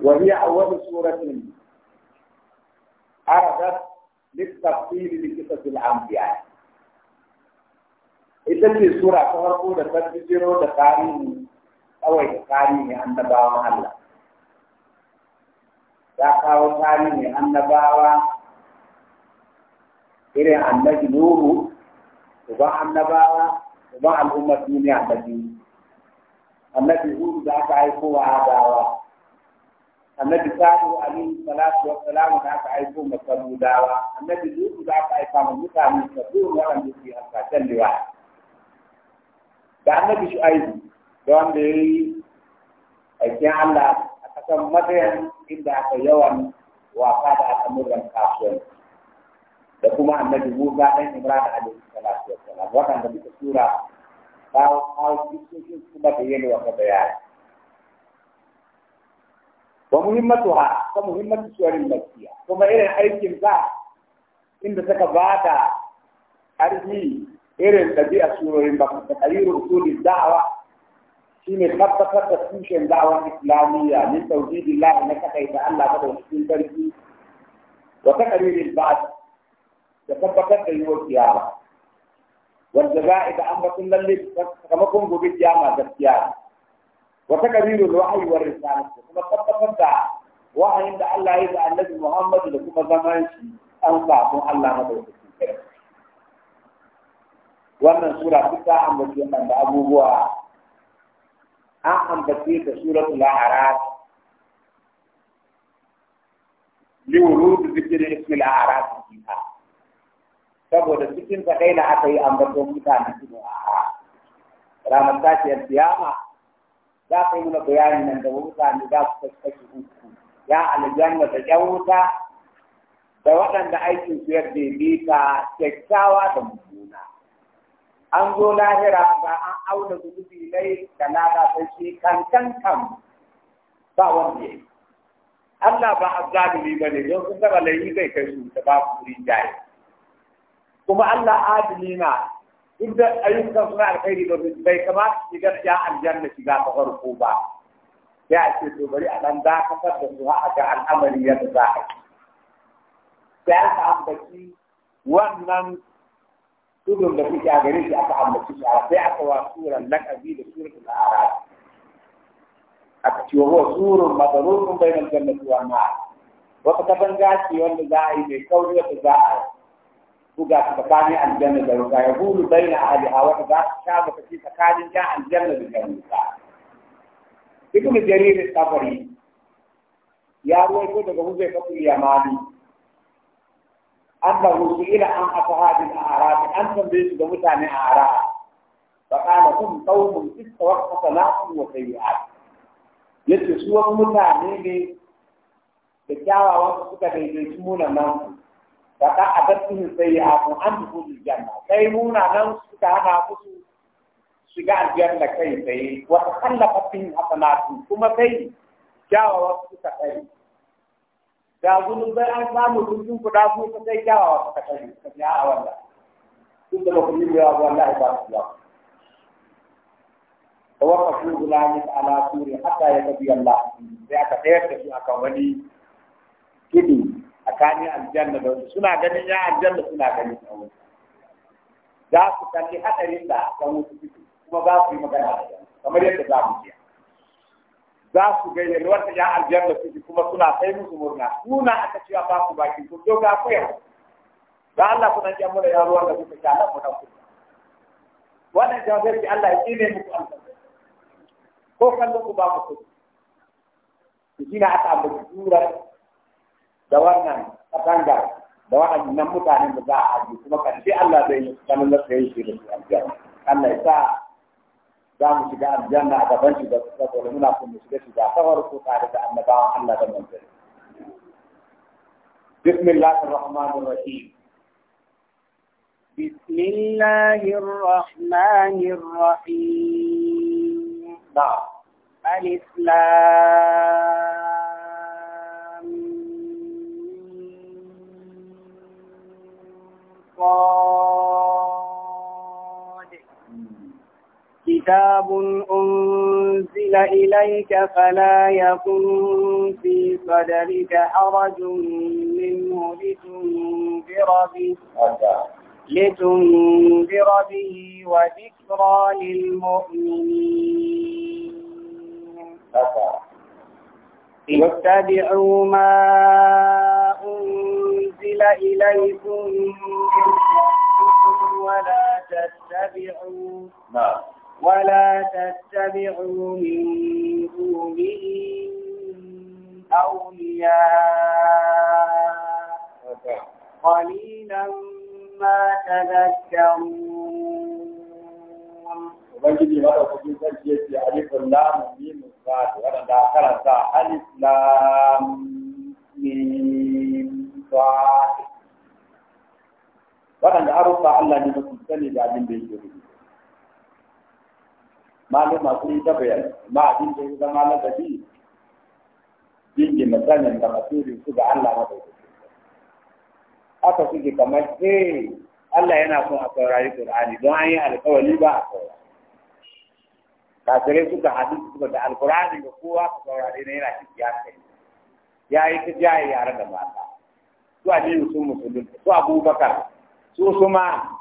وهي أول سورة عرضت للتفصيل لقصص الأنبياء. إذا في سورة تفرقوا لتفسيروا لتاريخ أو تاريخ أنبياء الله. ta kawo tarihin annabawa irin annabi nuhu uban annabawa uban al'ummar duniya annabi annabi hudu da aka aiko wa adawa annabi salihu alaihi salatu wa salamu da aka aiko ma samudawa annabi lutu da aka aika ma mutane sabbin waɗanda ke hasashen liwa da annabi shu'aibu da wanda ya yi aikin allah a kasan matsayin inda aka yawan wasa da al'amuran kasuwanci وكما النبي موسى عليه الصلاه والسلام وكان في السوره او او في السوره التي ومهمتها كمهمة السور المكية ثم إلى الحديث الثالث إن ذلك بعد حديث إلى تبيع السور المكية تغيير أصول الدعوة حين خطفت تسويشن دعوة إسلامية من توحيد الله إنك كيف أن لا تدعو في تركي وتقرير البعث da tabbatar da yiwuwar kiyama wanda za a da an batun lalle sakamakon gobe kiyama gaskiya wata kabiru da wahayi wa risalatu da kuma tabbatar da wahayin da Allah ya yi da annabi Muhammadu da kuma zaman shi an sakon Allah na bauta kirki wannan sura duk ta ambaci wannan da abubuwa an ambace ta suratul a'raf li wurud dhikri ismi al-a'raf fiha saboda cikin sa kai aka yi ambaton mutane su a ranar tashiyar siyama za ka yi mana bayanin nan da mutane za su kashi uku ya aljanna da yan wuta da waɗanda aikin su ya daidaita kyakkyawa da mummuna an zo lahira ba an auna zunubi dai da lada sai shi kan kan ba wanda ya yi Allah ba azzalimi ba ne don sun taba laifi kai kai su da ba su rinjaye kuma Allah adili na duk da ayyukan suna alkhairi domin bai kamata shiga ya aljanna shiga ta farko ba ya ce to bari a dan ka da su a ga al'amari yadda za a yi ya ka ambaci wannan tudun da kuke a gare shi aka ambaci shi sai aka wa suran lakabi da suratul a'raf aka ce wa surun madarurun bainal jannati wan nar wata katanga ce wanda za a yi mai kauri wata za a yi buga tsakanin aljanna da wuta ya hulu baina ahliha wa ta ta baka ci tsakanin da aljanna da Duk da jaririn tabari ya ruwaito daga huzai kafin yamani annahu su'ila an ashabil a'raf an tambaye su ga mutane a a'raf fa qala hum qaumun istawaqqa salatu wa sayyi'at yace su wani mutane ne da kyawawan suka daidaitu munanan faɗa a battun sai ya abu an dubu janna sai muna nan suka hana musu shiga aljanna kai tsaye wa takallafa fihim hasanatu kuma sai kyawawa suka kai da zunubai an samu dukkan kuɗa su ka sai kyawawa suka kai suka ya a wannan duk da baku yi yawa wallahi ba su yawa tawaffafu gulamin ala suri hatta ya tabi Allah sai aka tsayar da su akan wani kidi tsakanin aljanna da suna ganin ya aljanna suna ganin na za su kalli hadarin da ta wuta suke kuma za su yi magana da kamar yadda za mu za su gayyari wata ya aljanna kuma suna kai musu murna suna aka cewa ba ku bakin ko to ga ku da Allah kuna ji amma da yaro wanda kuka sha Allah kuna ku wannan jawabi Allah ya kine muku an ko kallon ku ba ku ku shi aka ambaci da wannan katanga da waɗannan mutanen da za a aji kuma karshe Allah zai yi sanin da sai shi da aljanna Allah ya sa za mu shiga aljanna a gaban shi da saboda muna son shiga shiga ta farko tare da annabawan Allah da manzanni bismillahir rahmanir rahim بسم الله كتاب أنزل إليك فلا يكن في صدرك حرج منه لتنذر به لتنذر به وذكرى للمؤمنين اتبعوا ما أنزل إليكم من ولا تتبعوا نعم ولا تتبعوا من دونه أولياء قليلا ما تذكرون وبجد ما تقول تجيب يعرف اللام من مصاد ولا داخل الساحل اسلام من صاد ولا نعرف الله لمسلسل جعل من جهده maluma sun ta bayan, ma abin da ya zama na gabi jingina sanin da masurin su ga Allah madaukaki aka suke kamar eh Allah yana son a saurari Qur'ani don an yi alkawari ba a saurari kafirai suka haɗu suka da alkurani ga kowa ka saurari na yana ciki ya kai ya yi ta jaye yare da mata su aliyu sun musulunta su abubakar su suma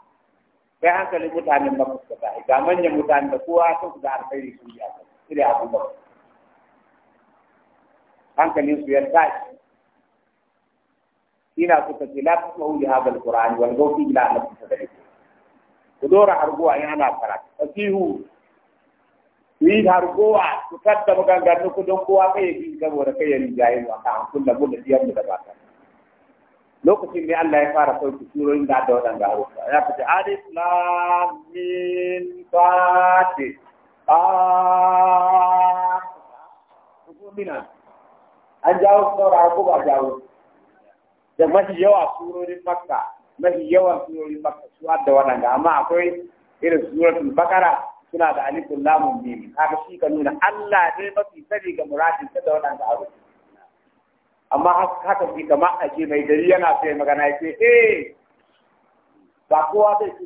kai hankalin mutanen ba suka tashi ga manyan mutane da kowa sun ga alkhairi sun ji akan shi da abu ba hankalin su ya tashi ina ta ce la tasma'u li hadha alqur'ani wal gawfi ila an tadriku ku dora harguwa in ana karatu fasihu yi harguwa ku tadda maganganun ku don kowa kai ya bi saboda kai ya rijaye wa ta hankula mun da biyan mu da ba ta lokacin da Allah ya fara sauki surorin da da waɗanda harufa ya fi alif lam min fati a hukumina an jawo saura ko ba jawo da mafi yawa surorin makka mafi yawan surorin makka su da waɗanda amma akwai irin suratul bakara suna da alif lam mim kaga shi ka nuna Allah ne mafi sani ga muradin da waɗanda harufa amma haka bi kama a ce mai gari yana sai magana ya ce ee. Eh, ba kowa zai ce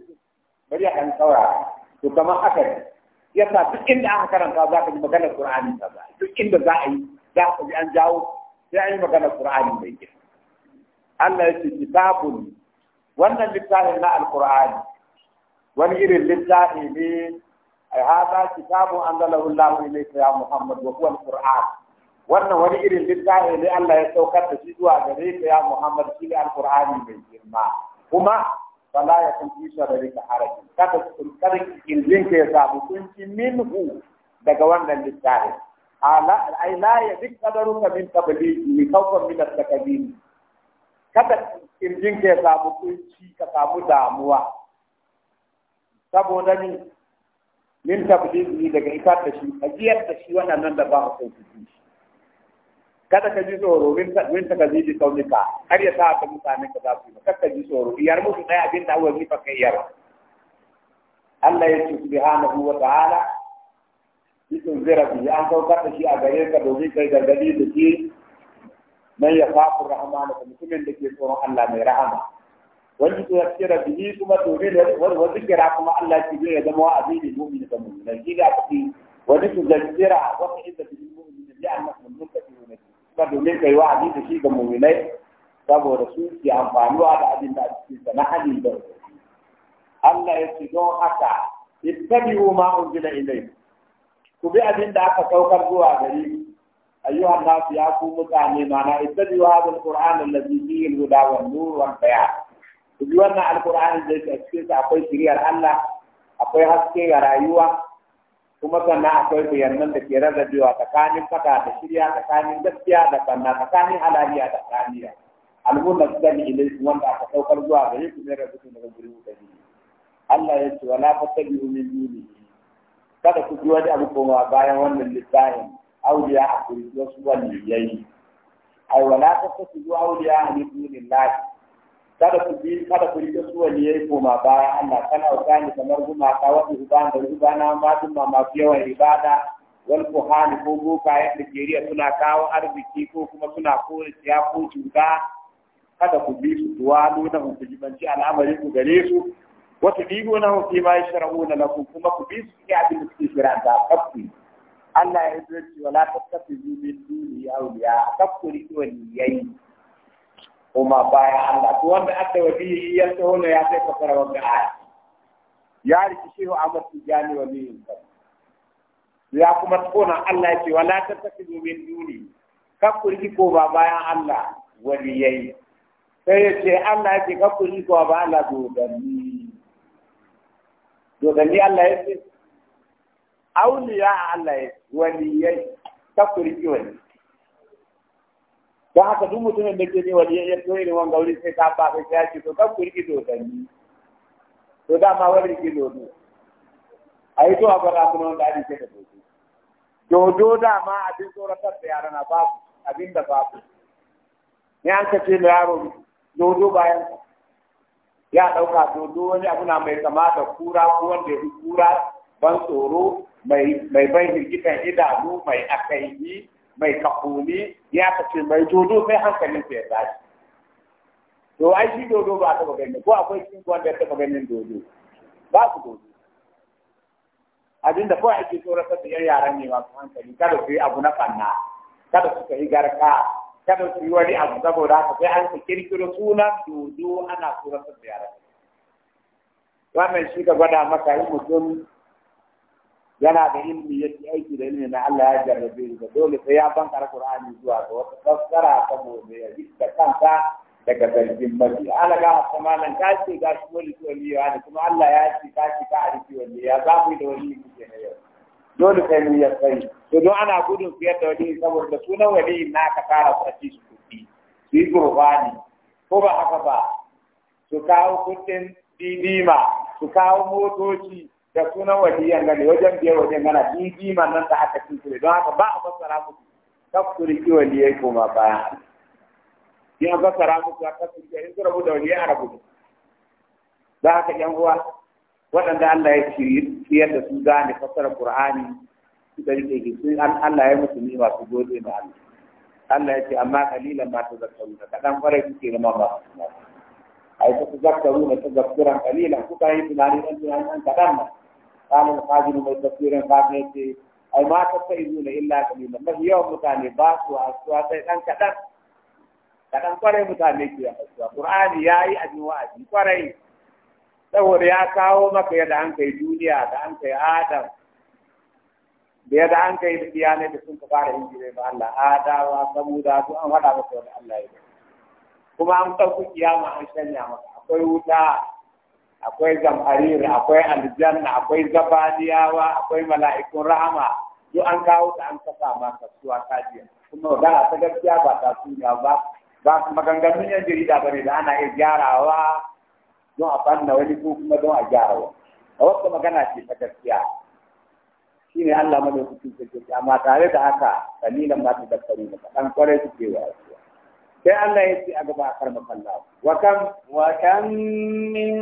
bari a kan saura to kama haka ne yasa duk inda aka karanta za ka ji maganar Qur'ani ta za duk inda za a yi za ka ji an jawo sai an yi maganar Qur'ani mai gina Allah ya ce kitabun wannan littafin na alqur'ani wani irin littafi ne hada kitabun anzalahu Allah ilayka ya Muhammadu wa kuwan alqur'an wannan wani irin littafi ne Allah ya saukar da shi zuwa gare ka ya Muhammad shi ne alqur'ani mai girma kuma fala ya kun fi sharri ka haraji kada kun kada kin ka ya samu min minhu daga wannan littafi ala ai la ya dik ka min qabli ni kawfa min at-takabir kada kin ka ya samu ci ka samu damuwa saboda ni min tablighi daga ita da shi ajiyar da shi wannan nan da ba ku shi. kada ka ji tsoro min ta ka ji da kaunika har ya sa ka mutane ka zafi ka ka ji tsoro iyar musu ɗaya abin da awon nifa kai yar Allah ya ce subhanahu wa ta'ala bisun zira bi an ka ka shi a gare ka domin kai gadi da ki man ya faqur rahman ka mutumin da ke tsoron Allah mai rahama wani to ya tsira bihi kuma domin wani wani kira kuma Allah ya ce ya zama wa abin da mu'mini da mu'mini shi ga kafi wani to zakkira wani inda bihi mu'mini da annabun mutaki ka domin kai wa da shi ga mummunai saboda su ke amfanuwa da abin da cikin sa na halin da Allah ya ce don haka ittabi'u ma unzila ilaykum ku bi abin da aka saukar zuwa gare ku ayyuhan nasu ya ku mutane mana ittabi'u hadha alquran alladhi fihi alhuda wan nur wan bayan ku bi wannan alquran da yake cikin sa akwai shiriyar Allah akwai haske ga rayuwa kuma sannan akwai bayanan da ke rarrabewa tsakanin fada da shirya tsakanin gaskiya da sanna tsakanin halaliya da tsaniya al'ummar su sani ilai wanda aka saukar zuwa gare su ne rabu daga gurin da ni Allah ya ce wala fatabi min duni kada ku ji wani abu koma bayan wannan littafin auliya a kuri wasu wani yayi ai wala fatabi auliya min duni lahi kada ku bi kada ku rike su wani yayi koma baya Allah kana wakani kamar gumaka wani ruban da rubana ma tun ma ibada wal kuhani ko bokayen da keriya suna kawo arziki ko kuma suna kore siya ko cuta kada ku bi su tuwa nuna ku jibanci al'amarin ku gare su wata digo na hukki ma ya na kuma ku bi su ya abin da suke da Allah ya yi wala tattafi zuwa min duniya auliya kafku rike wani yayi Uma baya Allah ko wanda aka yi wadiyi ya taho ne ya sai fara wanda aya ya riki shehu Ahmad wa min sa ya kuma tsona Allah ya ce wala tattakidu min duni kakuri ko ba bayan Allah waliyai sai ya ce Allah ya ce kakuri ko ba Allah dodanni dodanni Allah ya ce auliya Allah ya waliyai kakuri ko wani don haka duk mutumin da ke ne wani ya to irin wanga wuri sai ta ba sai ya ce to kan ku riki to dan to da ma wani riki do a yi to a gwada kuma da ake ce da dodo dodo da ma abin tsoratar da yaran na babu abin da babu ne an ka ce da yaro dodo bayan ya ɗauka dodo wani abu na mai kama da kura ko wanda ya kura ban tsoro mai ban hirgitan idanu mai akaihi mai kakumi ya kace mai dodo sai hankalin sa ya tashi to ai shi dodo ba ta gani ko akwai cikin wanda ya taba ganin dodo ba ku dodo abinda ko ake tsoratar ta yan yaran ne masu hankali kada su yi abu na fanna kada su yi garka kada su yi wani abu saboda haka sai an kirkiro sunan dodo ana tsoratar da yaran wannan shi ka gwada maka yi mutum yana da ilmi yake aiki da ilmi na Allah ya jarrabe shi dole sai ya bankar Qur'ani zuwa ga wata fassara saboda ya jikka kanka daga zargin mafi ala ga samanan ka ce ga shi wani wani ya ne kuma Allah ya ci kashi, ka arki wani ya za mu da wani kuke na yau dole sai mu ya sai to don ana gudun fiyar da wani saboda sunan wani na ka fara sarki su kuɗi su yi gurbani ko ba haka ba su kawo kuɗin didima su kawo motoci da sunan waliyan gane wajen biyar wajen gana din jiman nan da aka tuntule don haka ba a fassara muku kafkuri ki waliyai koma baya in fassara muku a kafkuri ki in su rabu da waliyai a rabu da haka yan uwa waɗanda Allah ya ciyar da su gane fassara Qur'ani su da rike Allah ya musu nima su gode ma Allah Allah ya ce amma kalilan ma ta zakaru da kaɗan kwarai kuke zama ba su ai zakaru kalilan tunani tunani kaɗan ma قال القاضي mai tafsirin ba ne ce ai ma ta sai zuwa illa kalila mafi yawan mutane ba su asuwa sai dan kadan kadan kwarai mutane ke asuwa qur'ani yayi ajin wa'azi kwarai saboda ya kawo maka yadda an kai duniya da an kai adam da an kai biyanai da sun fara hijira ba Allah adawa samuda to an wada maka Allah ya kuma an ɗauki kiyama an shanya maka akwai wuta akwai zamariri, akwai aljanna akwai zabaniyawa akwai mala'ikun rahama duk an kawo da an kasa ma kasuwa kajiya kuma a ta gaskiya ba ta suna ba ba maganganun yan jarida bane da ana iya gyarawa don a fanna wani ko kuma don a gyarawa a wasu magana ce ta gaskiya shine Allah madaukakin sarki amma tare da haka kalilan ma ta dakkaru da kadan kwarai suke wa sai Allah ya ce a gaba akar makalla wa kam wa kam min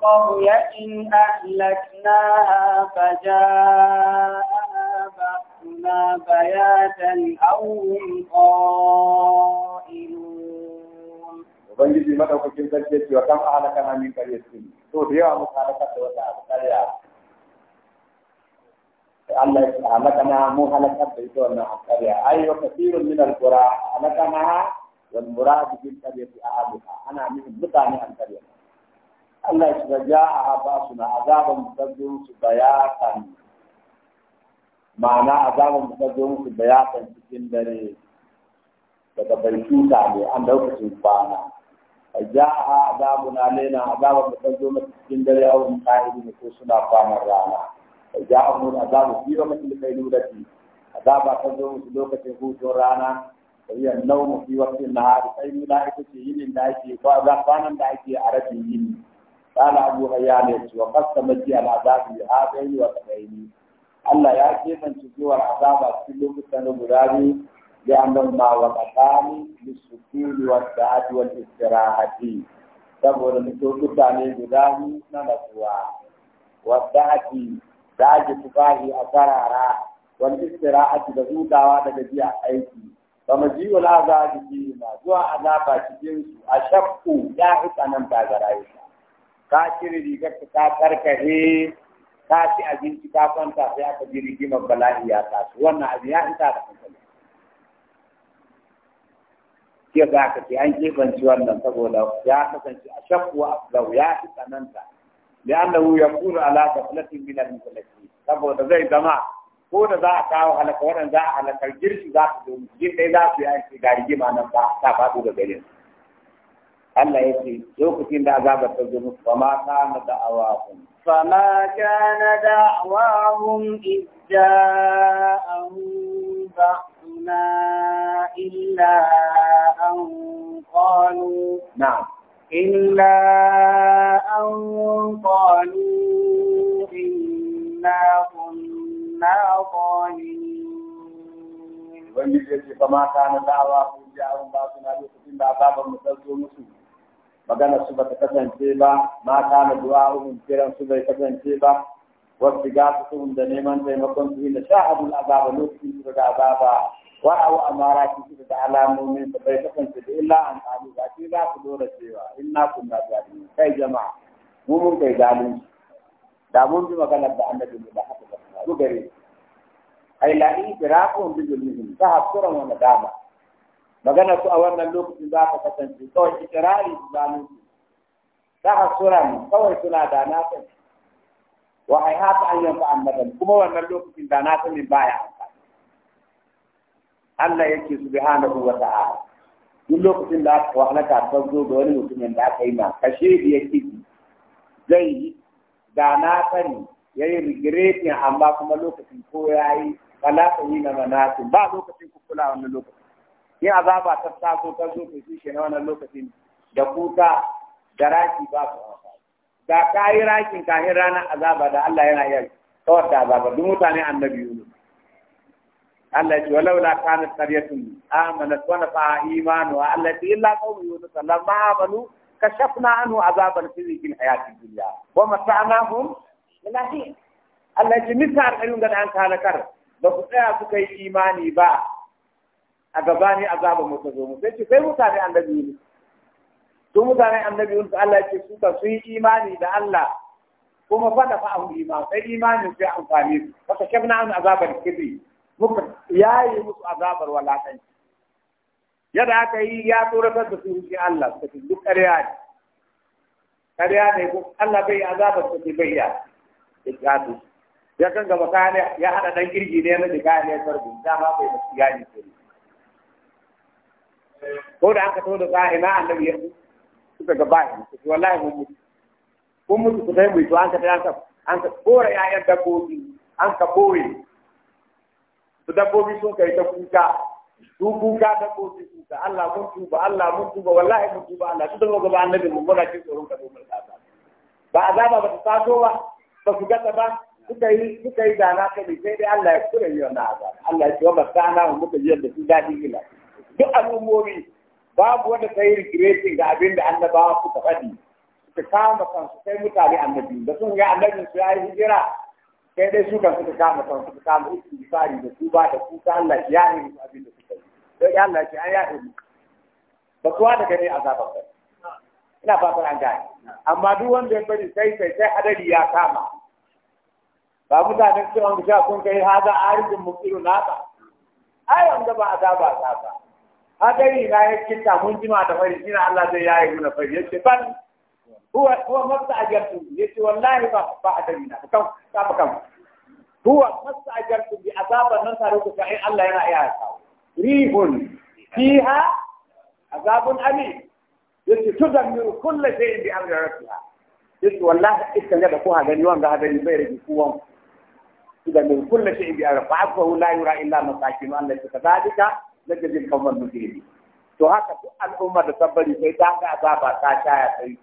qaryatin ahlaknaha fa jaa'a ba'suna bayatan aw qa'ilun ubangiji madaukakin sarki ce wa kam ahlakana min qaryatin to da yawa muka halaka da wata alƙarya Allah ya halakana mu halakar da ita wannan alƙarya ai wa kathirun min alqura halakana والمراد بالقرية أهلها أنا من مطانع القرية الله إذا جاءها بأسنا مقدم بياتا معنى عذابا مقدم بياتا في الدنيا daga bai tuta ne an lokacin kwana ja'a azabun alaina azabun da ta zo mata cikin dare a wurin ka'idi ne ko suna kwanan rana ja'a mun azabu lokacin hutun rana وهي النوم في وقت النهار أي ملائكة يين دايكي وأذاقانا دايكي عربي يين قال أبو غيانة وقد تمجي العذاب بهذين وقتين Allah ya keɓance cewar azaba cikin lokutan da guda biyu da annan ma wa tsakani da sukuni wa sa'adi wa istirahati saboda lokuta ne guda biyu na natsuwa wa sa'adi da ake tufahi a karara wani istirahati da hutawa daga gajiya aiki kama jiwon jini jirima zuwa azaba cikin su a shakku ya fi tsanan ta ga rayuwa ka cire rigar ka ka karkahe ka ci abinci ka kwanta sai aka ji rigimar bala'i ya tasu wannan abin ya isa da hankali ke za ka ce an kebanci wannan saboda ya kasance a shakku a lau ya fi tsananta Ya annahu ya kuru ala gaflatin min al-mutalaqqi saboda zai zama ko da za a kawo halaka wannan za a halakar girshi za su zo jin ɗaya za su yi aiki ga rigima nan ba ta faɗo da garin Allah ya ce lokacin da azabar ta zo musu fama kana da'awahum fama kana da'awahum idja'ahum ba'una illa an qalu na'am illa an qalu inna كنا ظالمين ubangiji yace fa ma kana da'awa ku ja'un ba suna lokacin da azaban mu sauko musu magana su bata kasance ba ma kana du'a'un kiran su bai kasance ba wasu ga su da neman taimakon su da sha'abul azaba lokacin su da azaba wa au amara ki su da alamomin su bai kasance da illa an kalu ba ki za su dora cewa inna kunna zalimin kai jama'a mu mun kai zalunci da mun bi maganar da annabi da haka su gare ai la'i firaqun bi zulmihim ta mun da ba magana su a wannan lokacin za ka kasance kawai ikirari su zalunci ta mun kawai suna da na sani wa ai haka an yanka annaban kuma wannan lokacin da na sani baya amfani Allah yake subhanahu wa ta'ala duk lokacin da aka ka ta zo da wani mutumin da aka yi ma kashe da yake zai yi da na sani ya yi rigiretin amma kuma lokacin ko ya yi balasa yi na manasi ba lokacin kukula wannan lokacin yin azaba ta sako ta zo ta shi na wannan lokacin da kuka da raki ba su da ka yi rakin kahin ranar azaba da Allah yana yi kawar da azaba duk mutane annabi yunus Allah ce walau la kanat qaryatun amanat wa nafa'a imanuha allati illa qawmu yunus lamma amanu kashafna anhu azaban fi hayatid dunya wa mata'nahum lahi Allah ji misal ɗin ga an talakar ba ku tsaya suka yi imani ba a gabani azaba mu ta zo mu sai ce sai mutane annabi ne to mutane annabi ne Allah ce su ka yi imani da Allah kuma fa da fa ahu iman sai imanin sai amfani su fa kashafna an azabar kibri muka yayi musu azabar walakanci yadda aka yi ya tsoratar da su shi Allah ta duk ƙarya ne ƙarya ne ko Allah bai azabar ta bai ikatu ya kan gaba kane ya hada dan kirgi ne na diga ne sarbi dama bai da tsiyani ce ko da aka to da ka ina annabi ya suka ga bai su wallahi mun mutu kun mutu ku dai mu to an ka dan ka an ka yadda ko dabbobi an ka boye su dabbobi sun kai ta kuka su kuka dabbobi kuka Allah mun tuba Allah mun tuba wallahi mun tuba Allah su daga gaba annabi mun mura ki tsoron ka domin ka ba azaba ba ta taso ba ba su gasa ba suka yi suka yi dana ka ne sai dai Allah ya kure yi wannan azar Allah ya ce wa masana mu muka yi yadda su dadi ila duk al'ummomi babu wanda sai regretin ga abin da annabawa ta faɗi su kama kansu sai mutane annabi da sun ga annabin su ya yi hijira sai dai su kan suka kama kansu suka kama fari da su ba da kuka Allah ya yi musu abin da suka yi sai Allah ya ce an yaɗe mu ba kuwa daga ne azabar ina fatar an gane amma duk wanda ya bari sai sai sai hadari ya kama ba mutanen cewa mu sha kun kai haza arzin mukiru na ba ai wanda ba azaba ta ba hadari na ya kinta mun jima da fari shi Allah zai yayi muna fari yace ban huwa huwa masta ajartu yace wallahi ba ba hadari na kan ka ba kan huwa masta ajartu bi azaba nan tare ku sai Allah yana iya ta rihun fiha azabun ali yace tudammiru kullu shay'in bi amri rabbiha yace wallahi ikka ne da ku ha gani wanga hadari bai rage kuwan إذا من كل شيء رفعته لا يرى إلا مساكين التي كذلك نجد القوم المجرمين to haka duk al'umma da sabbari sai ta ga azaba ta shaya bai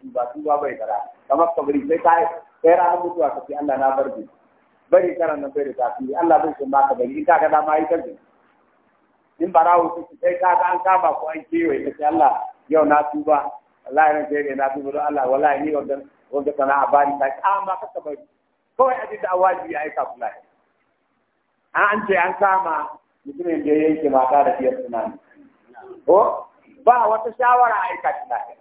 kamar sai ta sai ranar mutuwa Allah na bari karan nan bai Allah bai san maka bari ka ga dama yi karbi in barawo su sai ka ga an kama ko an kewaye kace Allah yau na tuba wallahi ni a da awaji ya aika an ce an kama mutumin da ya yanke mata da biyar suna ne ko ba wata shawara a aika shi lafiya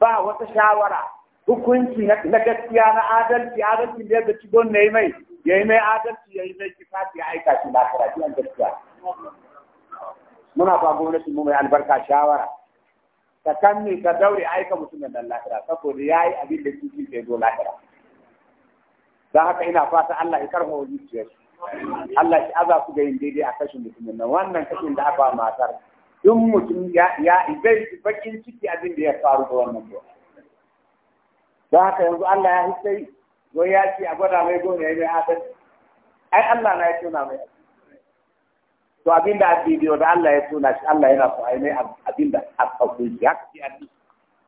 ba wata shawara hukunci na gaskiya na adalci adalci da yadda ci don na yi mai ya yi mai adalci ya yi mai kifafi a aika shi lafiya biyan gaskiya muna ba gwamnati mu mai albarka shawara ka ne ka daure aika mutumin nan lafiya saboda ya yi abin da kifi ke zo lafiya don haka ina fata Allah ya karfa wa zuciyarsu Allah ya aza su ga yin daidai a kashin mutumin nan wannan kashin da aka matar duk mutum ya zai bakin ciki abin da ya faru da wannan to don haka yanzu Allah ya hissai wai ya ce a gwada mai gona ya mai adalci ai Allah na ya tuna mai to abin da bidiyo da Allah ya tuna shi Allah yana so ai mai abin da aka kauce ya ci ce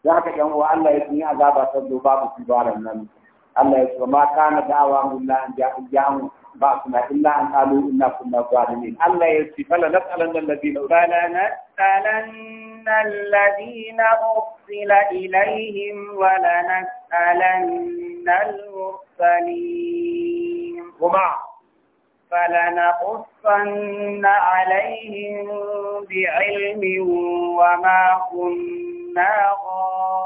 don haka yan uwa Allah ya tuni azaba ta babu su ba nan Allah ya ce ma kana da'awa mun la an ja'u ba kuma illa an qalu inna kunna zalimin Allah ya ce fala nas'alanna alladhina fala nas'alanna alladhina ursila ilaihim wa la nas'alanna al-mursalin kuma فلنقصن عليهم بعلم وما كنا غائبين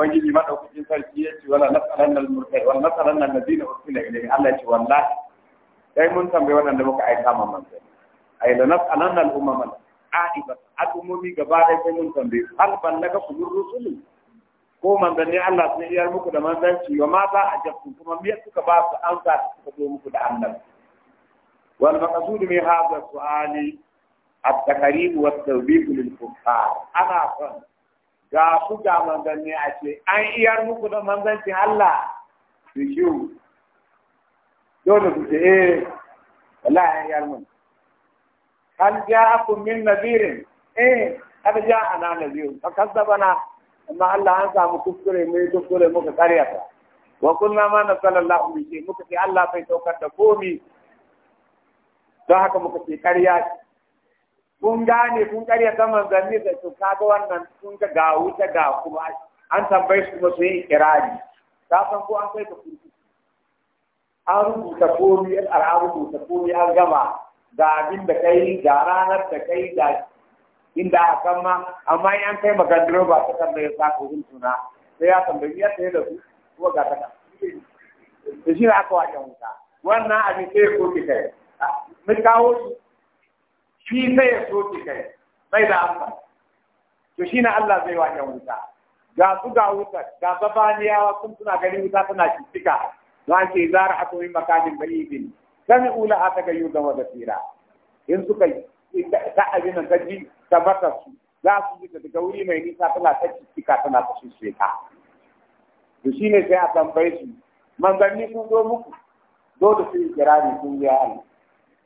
ubangiji madaukakin sarki ya ce wala nasaran nan murtai wala nasaran nan ladina ursila ilayhi Allah ya ce wallahi dai mun tambaye da muka aika ma manzo ai la nasaran nan umman aqiba al'ummi gaba da sai mun tambaye har ballaga kullu rusuli ko manzanni Allah sun iya muku da manzanci wa ma za a jabtu kuma me suka ba su an za suka zo muku da annabi wal maqsud min hadha su'ali at-takarib wa at-tawbih lil kuffar ana son ga ku ga manzanni a ce an iyar muku da manzancin Allah su shiwu dole ku ce eh wallahi an iyar mun hal ja'akum min nadhirin eh kad ja'ana nadhirun fa kazzabana amma Allah an samu kuskure mai kuskure muka karyata wa kunna ma nasallallahu bi muka ce Allah bai saukar da komi don haka muka ce karya kun gane kun karya ta manzanni da su kaga wannan sun ga ga wuta ga kuma an tambaye su kuma su yi ikirari ta san ko an kai ka kurkuku an rubuta komi an rubuta komi an gama ga abin da kai ga ranar da kai ga inda a kan ma amma in an kai maka ba ta tambaye sa ko hun tuna sai ya tambaye ya tsaye da su kuma ga ta da shi ne aka wajen wuta wannan abin sai ko ki kai mun kawo shi shi sai ya ki kai sai da amsa to shi na Allah zai wanya wuta ga su ga wutar ga zabaniyawa kun suna gani wuta suna cikika don anke zara a tsohon makamin bayibin sami ula a ta gayu da tsira in suka ta abin da ji tabbatar su za su ji daga wuri mai nisa suna ta cikika tana ta shisheka to shi ne sai a tambaye su manzanni sun zo muku dole su yi kirari sun yi Allah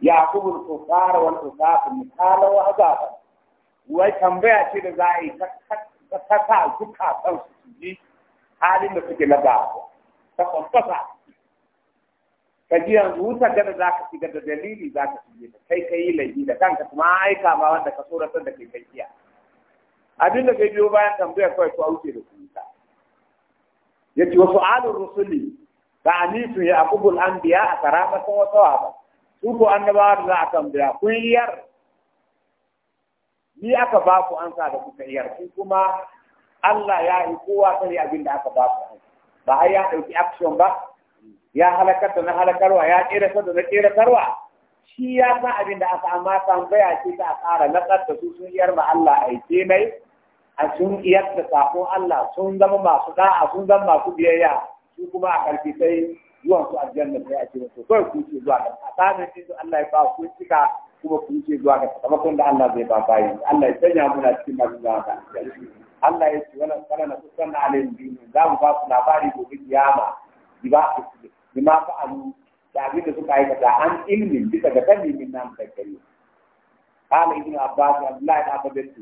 yaqubu al-kufar wal usaf misala wa wai tambaya ce da za a yi ta kasa duka san su ji halin da suke na ba ta kwamfasa ka ji yanzu wutar da za ka shiga da dalili za ka shige ta kai kai laifi da kanka kuma aika ma wanda ka tsoratar da kai kai kiya abin da zai biyo bayan tambaya kawai ko auke da kuka yace wasu alur rusuli ta'anisu ya aqubul anbiya karamatan su ko annabawa da za a tambaya kun iyar ni aka ba ku ansa da kuka iyar ku kuma Allah ya yi kowa sani abin da aka ba ku ba har ya ɗauki action ba ya halakar da na halakarwa ya ƙeratar da na karwa? shi ya san abin da aka amma tambaya ce ta tsara na da su sun iyar ma Allah aike mai a sun iyar da sako Allah sun zama masu da'a sun zama masu biyayya su kuma a karfi sai zuwan su aljanna sai a ce musu kai ku ce zuwa ga asamin din Allah ya ba ku cika kuma ku ce zuwa ga sakamakon da Allah zai ba bayi Allah ya sanya muna cikin masu zuwa ga Allah ya ce wannan kana na kusan na alayhi dini za mu ba su labari gobe kiyama diba bima fa'alu da abin da suka aikata an ilmin bisa ga sani min nan kai kai قال ابن عباس عبد الله بن عباس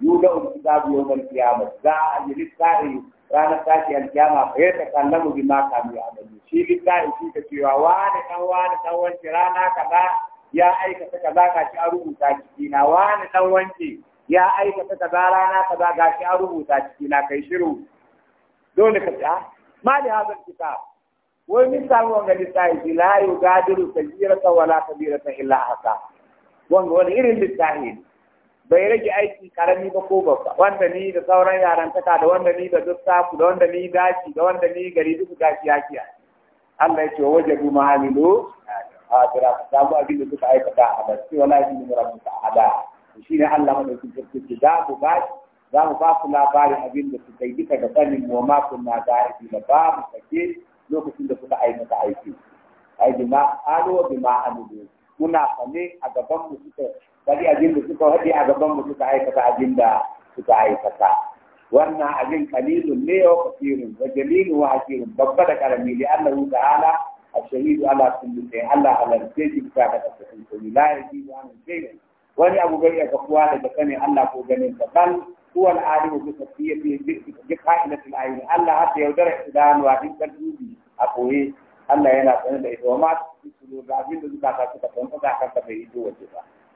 يودع الكتاب يوم القيامة ذا أجل السائل ranar tashi alkiyama ba ya takallamu bi ma kanu ya'malu shi littafi shi ka cewa wani dan da dan wanke rana kaza ya aikata kaza shi a rubuta ciki na da dan wanke ya aikata kaza rana kaza shi a rubuta ciki na kai shiru dole ka ta ma da hazan kitab wai min samu wanga littafi la yugadiru kabirata wala kabirata illa haka wanga wani irin littafi ne bai rage aiki karami ba ko babba wanda ni da sauran yaran taka da wanda ni da duk saku da wanda ni daji da wanda ni gari duk gashi yakiya Allah ya ce waje du mahamilu a jira ku samu abin da suka aikata a basu wala shi ne ta ada shi ne Allah yi cikin da ku ba za mu ba ku labarin abin da suka yi duka da sanin mu ma kun na da ba mu sake lokacin da suka aikata aiki ai bima alu wa bima alu muna fane a gaban mu suka bari abin da suka haɗe a gaban mu suka aikata abin da suka aikata wannan abin kalilun ne wa kafirun wa jalilu wa hakirun babba da karami li Allah ta'ala ash-shahidu ala kulli shay Allah ala sayyidi ka da kafin kulli la yajibu an shay'in wani abu bai ka kuwa daga sani Allah ko ganin ka bal huwa al-alim bi tafsiri bi qa'ilatil ayn Allah hatta yaudara idan wa din kalbi a koyi Allah yana sanar da ita wa ma su da abin da suka ka suka da ka bai ba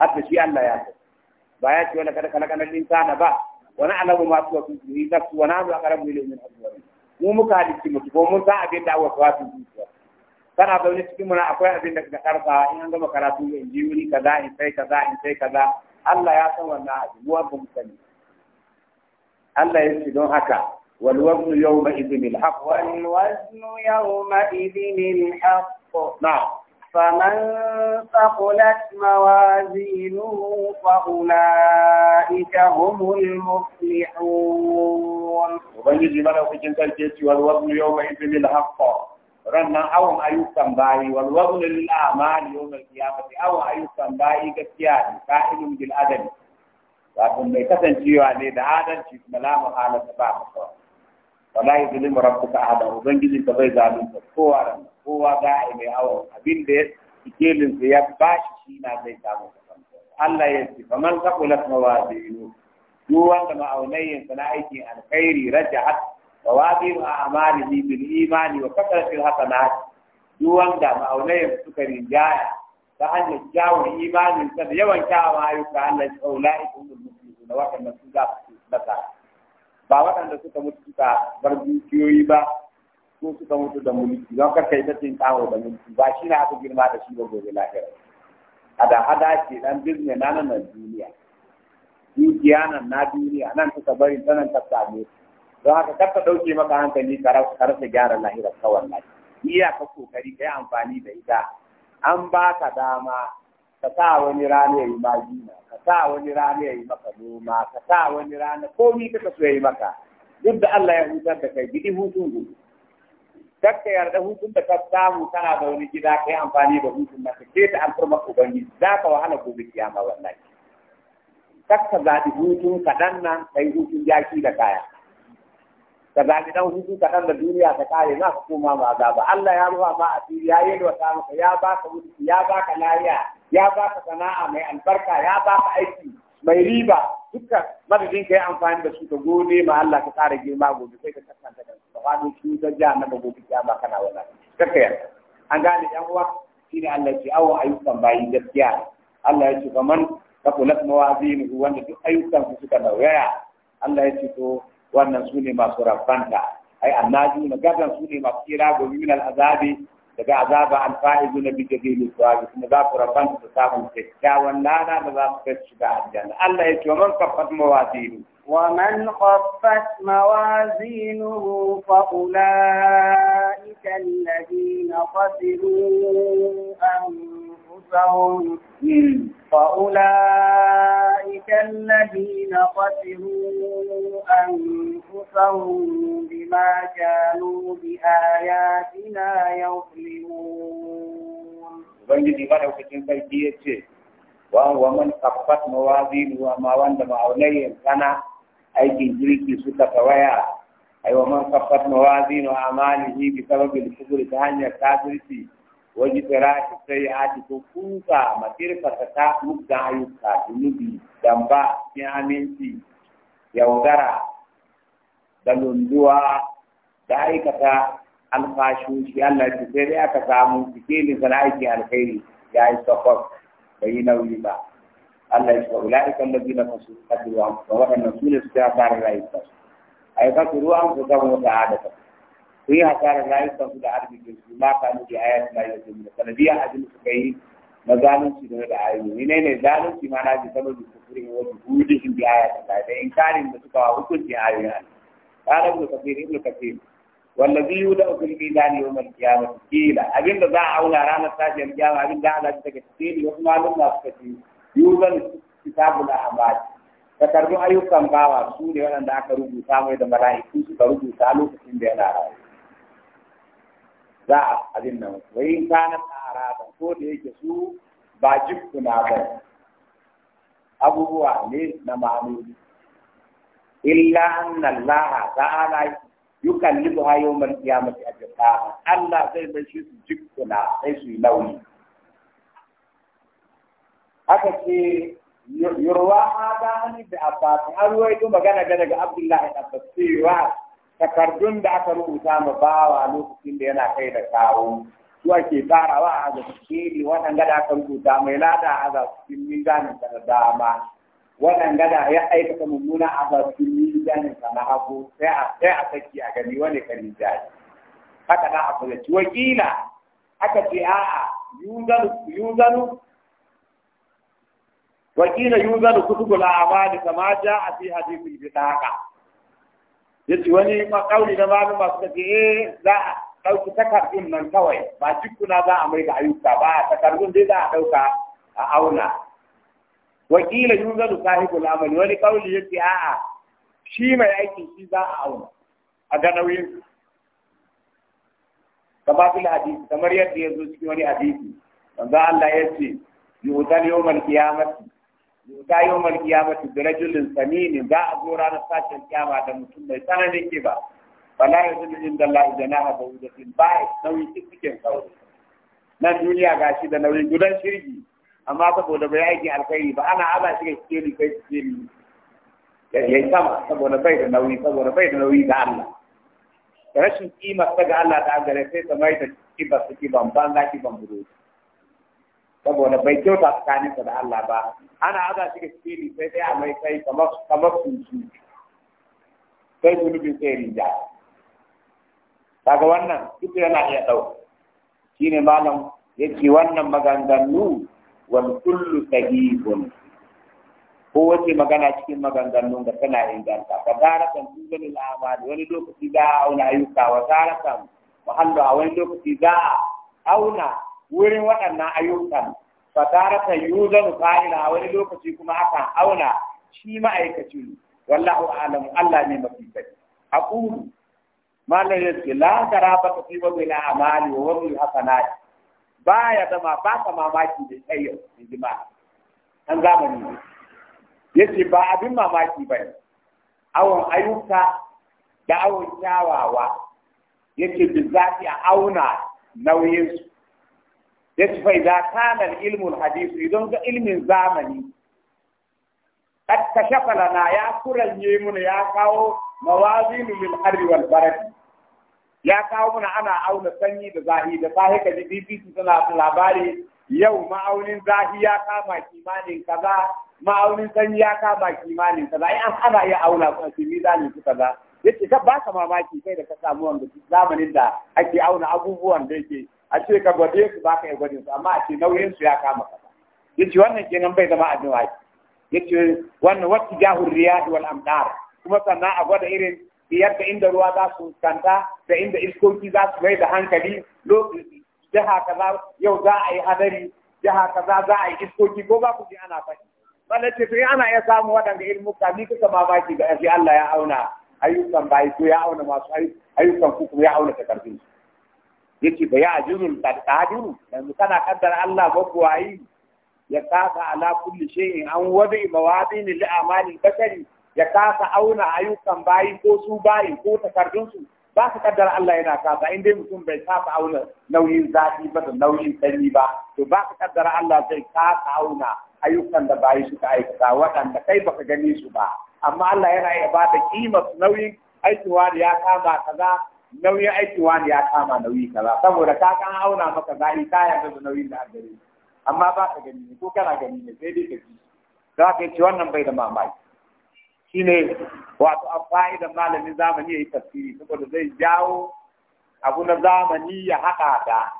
hatta shi Allah ya san ba ya ce wala kada kana kana insana ba wani alamu ma yi fi zuhi nafsu wa nahnu aqrabu ilayhi min hablil mu muka halitti mutu ko mun san abin da wasu wasu fi zuciya kana zaune cikin mu akwai abin da ka karba in an gama karatu in ji wuri kaza in sai kaza in sai kaza Allah ya san wannan abu mu ba mu sani Allah ya ce don haka والوزن يومئذ الحق والوزن يومئذ الحق نعم فمن ثقلت موازينه فأولئك هم المفلحون وبنجي مانا وكين تركيتي والوزن يومئذ للحق رنا أو أيوكم باي والوزن للأعمال يوم القيامة أو أيوكم باي كتيان قائل بالأدب وأبن بيكتن تيواني دعادا تيواني ملام حالة بابا wala yi zulum rabbuka ahada ubangijin ka bai zalunta kowa da kowa za a yi mai awon abin da kelin ya bashi shi na zai samu Allah ya ce faman kaqulat mawazinu duk wanda ma'aunayin sa na aikin alkhairi raja'at mawazinu a'malihi bil imani wa kasratil hasanat duk wanda ma'aunayin suka rinjaya ta hanyar kyawun imanin sa da yawan kyawun ayyuka Allah ya ce ulaikum al-muflihun wa kana su za su nasara ba waɗanda suka mutu suka bar dukiyoyi ba ko suka mutu da mulki don karka yi tattin kawo da mulki ba shi na aka girma da shi ba gobe lahira da hada ce dan birnin na nan duniya dukiya nan na duniya nan suka bari ta nan ta same don haka kar ka ɗauke maka hankali ka rasa gyara lahira kawai na iya ka kokari ka yi amfani da ita an ba ka dama ka sa wani rana ya yi ma ka sa wani rana ya yi maka noma ka sa wani rana komi ka so ya yi maka duk da Allah ya hutar da kai gidi hutun gudu kakka yarda hutun da ka samu tana da wani gida ka yi amfani da hutun na ka ta alfurma ubangi za ka wahala gobe kiyama wannan. kakka zaɓi hutun kaɗan nan ka yi hutun yaƙi da kaya ka zaɓi ɗan hutu kaɗan da duniya ta kare za ka koma ma ba Allah ya ruwa ma asiri ya yi wa maka ya ba ka mutu ya ba ka lariya ya ba ka sana'a mai albarka ya ba ka aiki mai riba duka madadin ka yi amfani da su ka gode ma Allah ka tsara girma gobe sai ka kaskanta da su ba su ta ja na gobe ya ba kana wala kaka yarda an gane yan uwa shine Allah ce awon ayyukan bayi gaskiya Allah ya ce kaman ka kula mawazinuhu wanda duk ayyukan su suka dauyaya Allah ya ce to wannan su ne masu rabanta ai annabi na su ne masu kira gobe min al'azabi عذاب عن فائز نبي جبيل سواج نذاك ربان يكون قد موازينه ومن خفت موازينه فأولئك الذين خسروا أنفسهم فأولئك الذين خسروا أنفسهم بما كانوا كانوا بآياتنا يظلمون وبنجي ما لو كنت man وهو من خفت موازين wanda وند معولي كان aikin kirki suka tawaya ai wa man kaffat mawazin wa amalihi bi sababi al-kufri ta hanyar kafirci waji tsirati sai a ci ko kuka matirka ta ta mugga ayyuka zunubi damba cikin aminci yaudara da lunduwa dai da aikata shi Allah ya ce dai aka samu cike ne sana aiki alkhairi ya yi sakwas bai yi nauyi ba Allah ya ce ulai ula'ika allazina kasu kadu wa wa su ne su ta fara rai rayuwa ay ka kuru an ku gaba da adata ku yi rai rayuwa su da arbi ke su ma ka nuke ayat na yau da sanadiyar ajin su kai na shi da ayi ayoyi ne ne shi ma na ji kuri saboda kufurin gudu shi bi ayat da in karin da suka hukunci ayi ne Ƙarar da kafin ibn kafin والذي يوضع في الميزان يوم القيامة كيلا أبين دعا أولا رانا تاج القيامة أبين دعا لك تكتير يوم هناك نفسكي يوضع كتاب الأعمال فترجو أيوكم باوا سوري وانا دعا كروبو سامو إذا ملائكو سكروبو سالو كتين رأي نوت وإن كانت باجب كنابا نمامي إلا أن الله تعالى yukallibu ha yawmal qiyamati ajsama Allah zai bar shi su jikkuna sai su yi nauyi aka ce yurwa hada hani da abbas har wai magana ga abdullahi da takardun da aka rubuta ma bawa lokacin da yana kai da kawo su ake tarawa a ga cikin wannan gada aka rubuta mai lada a ga cikin mizanin da dama waɗanda da ya aikata mummuna a bakin mizanin sa na hagu sai a sai a saki a gani wani kan jari haka da a kula wakila aka ce a yuzanu yuzanu wakila yuzanu kutubul a'mali ja a fi haka, ya yace wani makauni na babu masu kake eh za a ɗauki takardun nan kawai ba cikuna za a mai da ayyuka ba takardun dai za a ɗauka a auna wakila yun zanu sahibul amali wani kauli a a'a shi mai aikin shi za a auna a ga nauyin kama fi hadisi kamar yadda ya zo cikin wani hadisi wanda Allah ya ce yau yawmal qiyamati yu'ta yawmal qiyamati bi rajulin ne za a zo ranar sashen kiyama da mutum mai tsananin kiba fala yuzil inda Allah ba bawdatin ba'i nauyi cikin sauri nan duniya gashi da nauyin gudan shirgi amma saboda bai aiki alkhairi ba ana aza shi ke sikeli kai sikeli ya yi sama saboda bai da nauyi saboda bai da nauyi da Allah da rashin kima ta ga Allah ta gare sai ta mai da kiba su kiban banza kiban buru saboda bai kyauta tsakanin da Allah ba ana aza shi ke sikeli sai sai a mai kai kamar kamar sun su sai zunubin sai rija daga wannan duk yana iya shi ne malam yace wannan maganganu wal kullu sahihun kowace magana cikin maganganun da tana inganta fa taratan tubalul amali wani lokaci za auna ayyuka wa taratan muhallu a wani lokaci za auna wurin waɗannan ayyukan fa taratan yuzan fa'ila a wani lokaci kuma aka auna shi ma'aikaci wallahu a'lamu Allah ne mafi sani aqulu ma la yasla la tarabata fi wa bil a'mali wa wa bil hasanati ba ya zama ba ka mamaki da tsayyau in an zamani ne ya ce ba abin mamaki ba ne awon ayyuka da awon kyawawa ya ce bi zafi a auna nauyinsu ya ce za ta kanar ilmin hadisu idan ga ilmin zamani kad kashafa ya kuranye mun ya kawo mawazinu lil harri wal ya kawo mana ana auna sanyi da zahi da zahi ka ji BBC suna labari yau ma'aunin zahi ya kama kimanin kaza ma'aunin sanyi ya kama kimanin kaza ai an ana iya auna ku a cikin zani ku kaza yace ka ba ka mamaki kai da ka samu wanda zamanin da ake auna abubuwan da yake a ce ka gwade su ba ka yi gwadin su amma a ce nauyin su ya kama kaza yace wannan kenan bai zama abin waki yace wannan wata jahur riyad wal amdar kuma sannan a gwada irin da inda ruwa za su kanta da inda iskoki za su mai da hankali lokaci jiha kaza yau za a yi hadari jiha kaza za a yi iskoki ko ba ku ji ana faɗi wannan ce to ana iya samu waɗanda ilmuka ni kuka mamaki ga shi Allah ya auna ayyukan bayi ko ya auna masu ayyukan ku kuma ya auna takardun su yace ba ya ta taqadiru yanzu kana kaddara Allah ba ku ya kafa ala kulli shay'in an wadi mawadin li amalin bashari ya kasa auna ayyukan bayi ko su bayi ko takardunsu ba su kaddara Allah yana kasa in dai mutum bai kasa auna nauyin zafi ba da nauyin sanyi ba to ba su kaddara Allah zai kasa auna ayyukan da bayi suka aikata waɗanda kai baka gani su ba amma Allah yana iya ba da kimar nauyin aikin wani ya kama kaza nauyin aikin wani ya kama nauyi kaza saboda ka kan auna maka zafi ka yarda da nauyin da aka gani amma ba ka gani ne ko kana gani ne sai dai ka ji za ka yi wannan bai da mamaki shine wato a fa'idan malamin zamani ya yi tafsiri saboda zai jawo abu na zamani ya haɗa da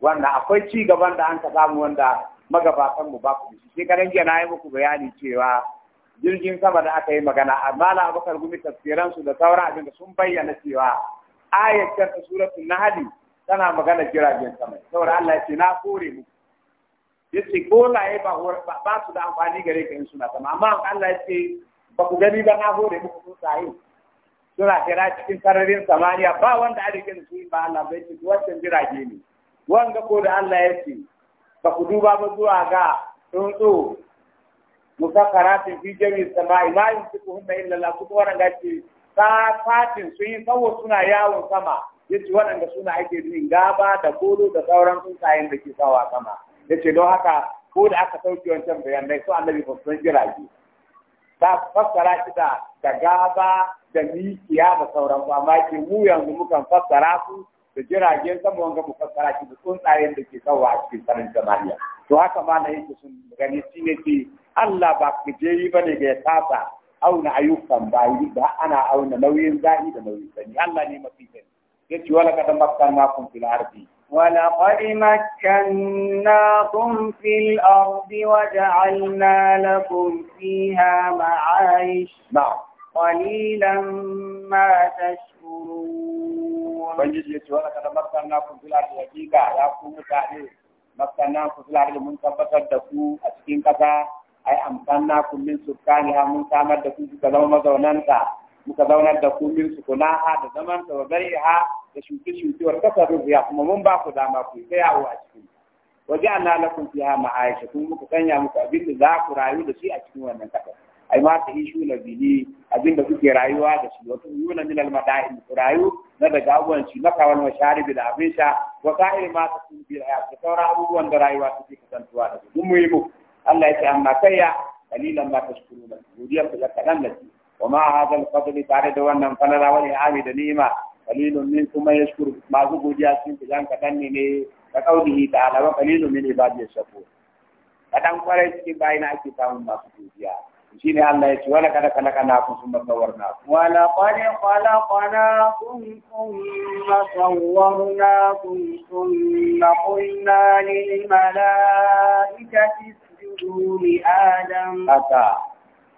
wannan akwai ci gaban da an ka samu wanda magabatan mu ba ku shi shekaran jiya na yi muku bayani cewa jirgin sama da aka yi magana amma na abokan gumi tafsiran su da sauran abin da sun bayyana cewa ayatar ta na hali tana magana jiragen sama saboda Allah ya ce na kore muku yace ko la ba ba su da amfani gare ka in suna sama amma Allah ya ce ba ku gani ba na hore muku suna kira cikin sararin samaniya ba wanda a rikin su ba Allah bai ci wancan jirage ne wanda ko da Allah ya ce ba ku duba ba zuwa ga tsuntsu musakkaratin fi jami'in samai ma yin su hunna illa ku kuma waɗanda ce ta fatin sun yi tsawo suna yawon sama ya ce waɗanda suna ake jin gaba da kolo da sauran tsuntsayen da ke sawa sama ya ce don haka ko da aka sauke wancan bayanai su annabi ba sun jirage ta fassara shi da da gaba da mikiya da sauran su amma ke mu yanzu mukan fassara su da jiragen sama wanga mu fassara shi da tsuntsayen da ke kawo a cikin sanin jama'a. to haka ma na yake sun gani shi ne ce Allah ba ku je yi ba ne ga ya tasa auna ayyukan ba yi ba ana auna nauyin zahi da nauyin sani Allah ne mafi sani yace wala kadan makkan ma kun fil ardi ولقد مكناكم في الأرض وجعلنا لكم فيها معايش نعم قليلا ما تشكرون بنجي يتي ولقد مكناكم في الأرض حقيقة يا قوم تعالوا مكناكم في الأرض من تبتت دكو أسكين كذا أي أمكناكم من سكانها من سامر دكو كذا ومزونانها muka zaunar da ku min da zaman ta wa da shuke-shuke wa rubiya kuma mun ba ku dama ku ta yawo a cikin na an lalakun fiha ma'aisha kuma muka sanya muku abin da za ku rayu da shi a cikin wannan kasar ai ma ta ishu na bihi abin da kuke rayuwa da shi wato yuna min al mada'in ku rayu na daga abubuwan shi na kawal masharibi da abin sha wa sa'ir ma ta sun bi rayuwa da sauran abubuwan da rayuwa take kasantuwa da su mun mu Allah ya ce amma kai ya kalilan ma tashkuruna godiya ku da kadan da shi wa ma hadha al tare da wannan falala wani ami da ni'ima qalilun minkum yashkuru masu godiya sun fi zan kadan ne ka kaulihi ta'ala wa qalilun min ibadiy shakur kadan kwarai cikin bayina ake samun masu godiya shine Allah ya ci wala kada kana kana kun sun mawarna wala qad khalaqnakum thumma sawwarnakum adam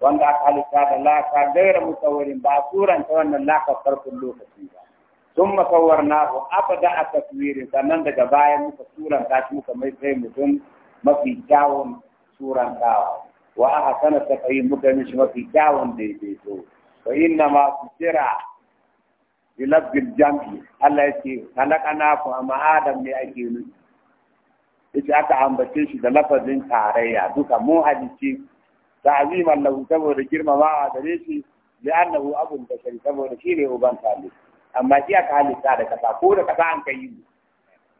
wanda aka halitta da laka gaira musawwarin ba suran ta wannan laka farkon lokaci ba sun makawar na ku abada a taswirin sannan daga bayan muka suran ta shi muka mai sai mutum mafi kyawun suran wa aka sana ta kai muka mishi mafi kyawun daidaito ba. inna ma ku kira bilabbil jam'i Allah ya ce halaka na ku amma adam ne ake nufi Ita aka ambace shi da lafazin tarayya duka mu hadisi ta'ziman lahu saboda girmamawa gare shi li'annahu abul bashari saboda shi ne uban talib amma shi aka halitta da kasa ko da kasa an kai yi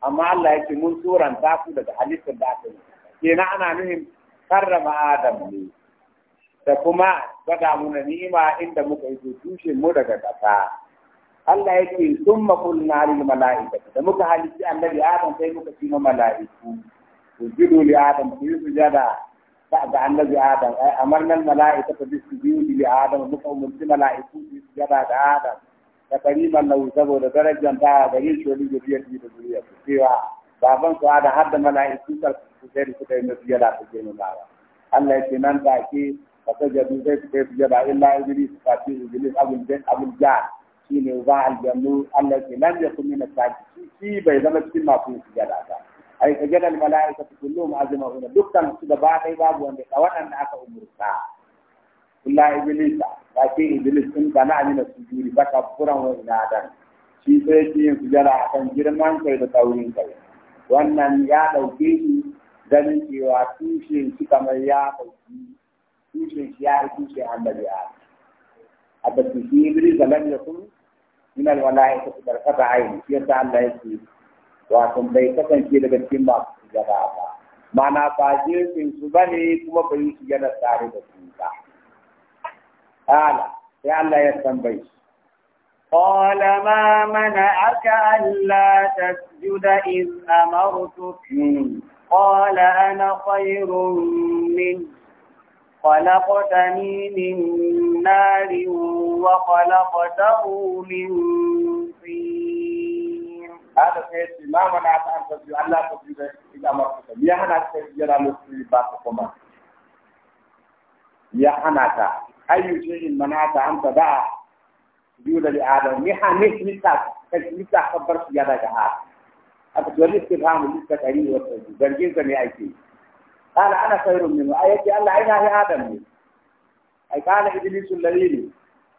amma Allah ya ce mun suranta ku daga halittar da aka yi kenan ana nuhin karrama adam ne da kuma gwada muna ni'ima inda muka yi tushin mu daga kasa Allah ya ce sun makulna lil mala'ikati da muka halitta annabi adam sai muka ci ma mala'iku ku jidu li adam ku yi sujada ga annabi adam ai amarnal mala'ika ta biyu li adam muka umarci mala'iku su sujada da adam da kariman lahu saboda darajar ta gare shi wani guriyar da duniya su cewa baban su adam har da mala'iku kar su sai su kai na sujada su je mulawa Allah ya ce nan take ka sajadu sai su kai sujada illa iblis ka ce iblis abul abul jahl shine uba aljannu Allah ya ce nan ya kuma na saki shi bai zama cikin masu sujada ba ai ka jadal malaika kullum azmauna dukkan su da dai babu wanda ka waɗanda aka umurta illa iblis ya ce iblis in kana amina sujudi ba ka furan wa inadan shi sai ki yin sujada akan girman kai da taurin kai wannan ya ɗauke shi ganin cewa tushen shi kamar ya dauki tushen shi ya yi tushen annabi ya a da su shi iblis da lam yakun min al malaika tarkata aini shi yasa Allah yake wato bai kasance daga cikin masu sujada ba mana ba jinsin su ne kuma bai yi sujada tare da su ba ala sai Allah ya tambayi. shi قال ما منعك ألا تسجد إذ أمرتك قال أنا خير منه خلقتني من نار وخلقته من طين hada sai ce ma wani ta an tafi Allah ta fi da shi da masu ta ya hana ta yana musu ba ta kuma ya hana ta ayu shi in mana ta an da biyu da al'ada ni ha ni ni ta ka ni ta ka bar ya da ga ha aka to ni ce ba mu ni ta kai wa ta ka ne ake kana ana kairu min ayati Allah ai na hi adam ne ai kana iblisul lalini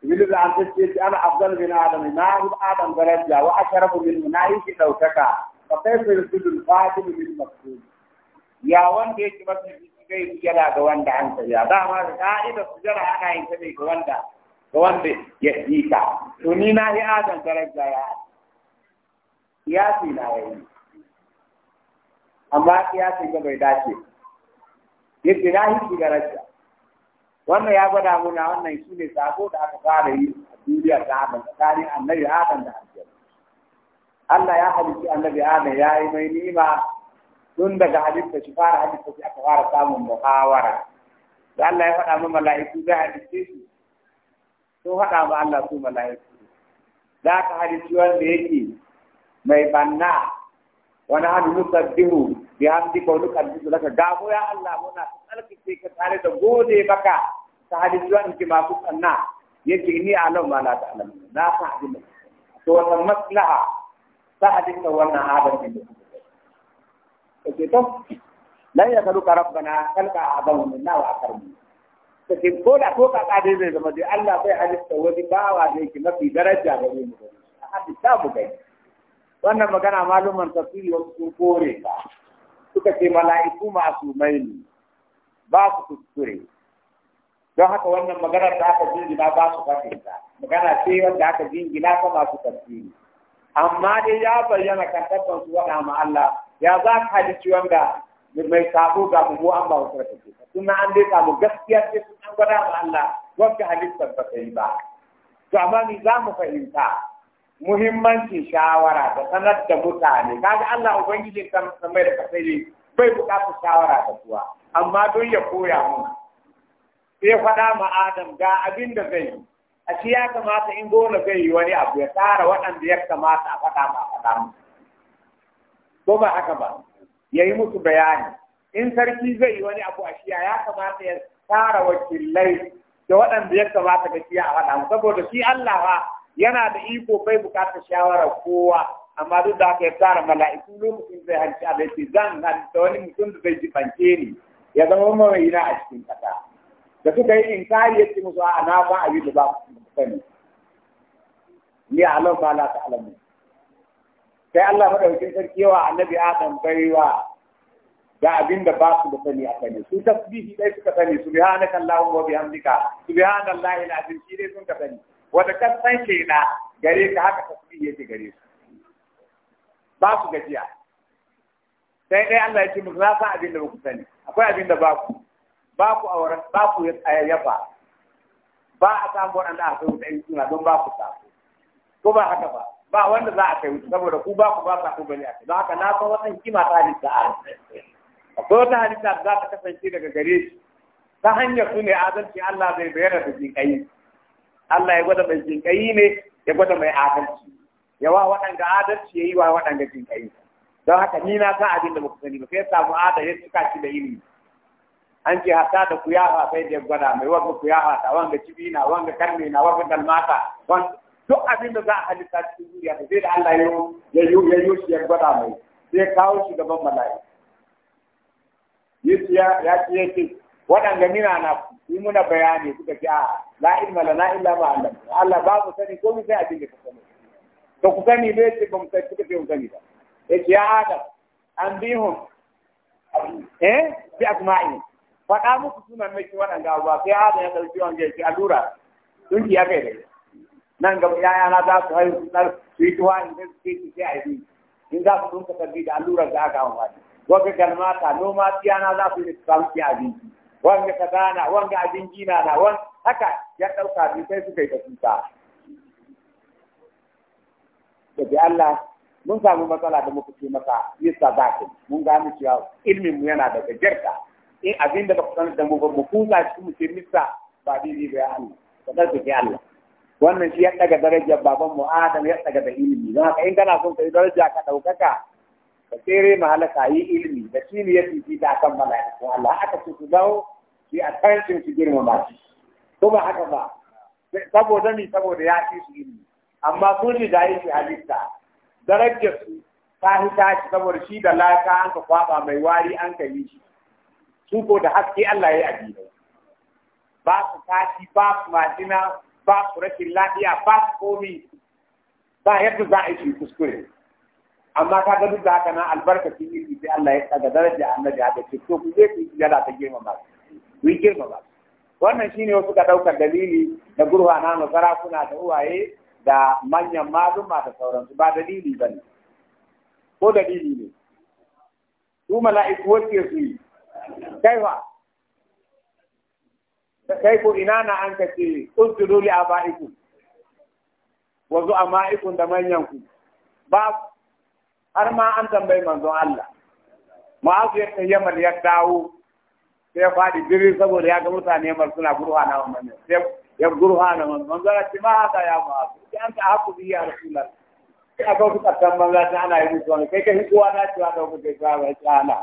ibnu da an ce ana afdal bin adam na hu adam daraja wa asharafu min munaiki daukaka fa kaifa yusul fatim min maqsud ya wanda yake mafi kai sujada ga wanda an tsaya dama da ka'ida sujada ana yin ta ne ga wanda ga wanda ya yi to ni na yi adam daraja ya ya na amma bai dace na yi wannan ya gwada muna wannan shi ne sako da aka fara yi a duniyar da adam tsakanin annabi adam da aljanna Allah ya halitta annabi adam ya yi mai nima tun daga halitta shi fara halitta shi aka fara samun muhawara da Allah ya faɗa mu mala'iku zai halitta shi sun faɗa ma Allah su mala'iku za ka halitta wanda yake mai banna wani hannu musabbihu bi hamdi ko duk an duk laka gabo ya Allah muna tsarkake ka tare da gode maka ta hadisan ki masu sanna yake ni alam ma la ta'lam na ta hadin to wannan maslaha ta hadin ta wannan adam din ke to lan ya kalu rabbana kalka adam na wa akram to ke ko da ko ka kade zai zama dai Allah bai halitta wani bawa da ki mafi daraja ga mu hadisa mu kai wannan magana maluman tafsiri wasu sun kore ta suka ce mala'iku masu maini ba su kuskure don haka wannan maganar da aka jingina ba su fahimta magana ce wanda aka jingina ta masu tafsiri amma dai ya bayyana kan tabban su wada ma Allah ya za ka ci wanda mai sabo ga mu mu an ba wasu rakace tun an dai samu gaskiya ce sun gwada ma Allah wanda halittar ba yi ba to amma ni za mu fahimta muhimmancin shawara da sanar da mutane kaga Allah ubangiji kan samai da kasai bai bukatu shawara da kuwa amma don ya koya mu sai faɗa ma Adam ga abin da zai yi a shi ya kamata in gona zai yi wani abu ya tsara waɗanda ya kamata a faɗa ma faɗa mu ko ba haka ba ya yi musu bayani in sarki zai yi wani abu a shiya ya kamata ya tsara wakilai da waɗanda ya kamata ga shiya a faɗa mu saboda shi Allah ba yana da iko bai bukatar shawara kowa amma duk da aka tsara mala'iku lokacin zai hanci a bai zan halitta wani mutum da zai jibance ni ya zama mawai na a cikin kasa da suka yi inkari yace musu a na ba yi da ba su sani ni alam ba la alamu. sai Allah madaukakin sarki yawa annabi Adam baiwa da abin da ba su da sani a sani su tasbihi dai suka sani subhanaka allahumma wa bihamdika subhanallahi alazim shi dai sun ka sani wata ke na gare ka haka tasbih yake gare su ba su gajiya sai dai Allah ya ce muku na san abin da ba ku sani akwai abin da ba ku ba ku auren ba ku yaba ba a samu wanda a kai wuta suna don ba ku ta. ko ba haka ba ba wanda za a kai wuta saboda ku ba ku ba sako bane a kai don haka na san wata hikima ta halitta a akwai wata halitta da za ta kasance daga gare shi ta hanyar su ne adalci Allah zai bayyana da jinƙayi Allah ya gwada mai jinkayi ne ya gwada mai adalci wa waɗanda adalci ya yi wa waɗanda jinkayi don haka ni na san abin da ku sani ba sai ya samu adalci ya cika shi da ilimi an ce hata da ku kuyafa sai da gwada mai wanga kuyafa ta wanga cibi na wanga karni na wanga dalmata duk abin da za a halitta cikin duniya da zai da Allah ya yi shi ya gwada mai sai kawo shi gaban mala'i Yesu ya ce yake waɗanda nina na ku yi muna bayani suka ce a la ilma lana illa ma allam Allah ba mu sani ko mu sai abin da ka sani to ku sani ne ce ba mu sani suka ce mu sani ba ya ce ya adam an bi hum eh bi asma'i faɗa muku sunan mai shi waɗanda abuwa sai adam ya ɗauki wanda ya ce allura sun ki ya kai da nan gaba yaya na za su haihu su ɗar su yi tuwa in zai su ce sai a yi in za su dunka sabbi da allurar da aka amfani. Wata kalmata noma tiyana za su yi su samu ki abinci. wanga kaza na wanga abin gina na wan haka ya ɗauka bi sai suka yi tafita da Allah mun samu matsala da muka ce masa yasa zakin mun gano cewa ilmin mu yana da gajarta in abin da ba ku san da mu ba mu kusa shi mu ce misa ba daidai ba ya Allah ka ɗauke Allah wannan shi ya daga darajar baban mu Adam ya daga da ilimi don haka in kana son kai daraja ka daukaka ka tsere mahalaka yi ilimi da shi ne ya fifi da akan mala'iku Allah aka ce su dawo shi a kancin su girmama shi ko ba haka ba saboda ni saboda ya ci su ilimi amma su ne da yake halitta darajar su ta hita shi saboda shi da laka an ka kwaba mai wari an ka yi shi su ko da haske Allah ya yi addini ba su tashi ba su majina ba su rashin lafiya ba su komi ba yadda za a yi kuskure amma ka ga duk da haka nan albarkacin yi sai Allah ya tsaga daraja annabi haka ce to ku je ku yi ta girmama su ku yi ba wannan shine wasu ka ɗaukar dalili da gurhana na sarakuna da uwaye da manyan maluma da sauransu ba dalili ba ne ko dalili ne su mala'iku wacce su yi kai fa kai ko ina na an ka ce usjudu li abaikum wa zu'amaikum da manyan ku ba har ma an tambayi manzon Allah ma'azu ya yamal ya dawo sai ya faɗi birri saboda ya ga mutane mar suna gurhana wa manzon sai ya gurhana wa manzon ce ma haka ya mu'azu sai an ta haku bi ya rasulullah sai a wasu ƙarfan banza ta ana yi musu wani kai kai kowa na cewa da kuka yi tsara ya tsala